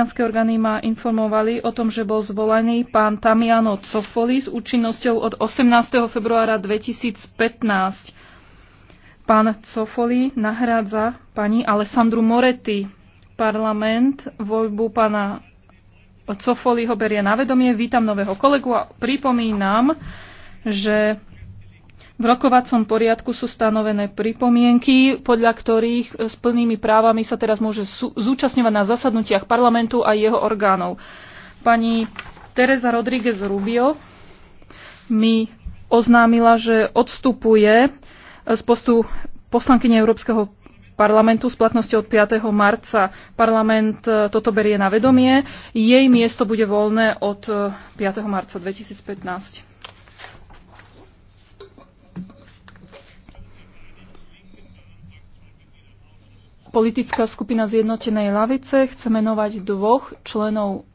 Talianské orgány ma informovali o tom, že bol zvolený pán Tamiano Cofoli s účinnosťou od 18. februára 2015. Pán Cofoli nahrádza pani Alessandru Moretti. Parlament voľbu pána Cofoli ho berie na vedomie. Vítam nového kolegu a pripomínam, že v rokovacom poriadku sú stanovené pripomienky, podľa ktorých e, s plnými právami sa teraz môže zúčastňovať na zasadnutiach parlamentu a jeho orgánov. Pani Teresa Rodríguez Rubio mi oznámila, že odstupuje e, z postu poslankyne Európskeho parlamentu s platnosťou od 5. marca. Parlament e, toto berie na vedomie. Jej miesto bude voľné od 5. marca 2015. politická skupina zjednotenej lavice chce menovať dvoch členov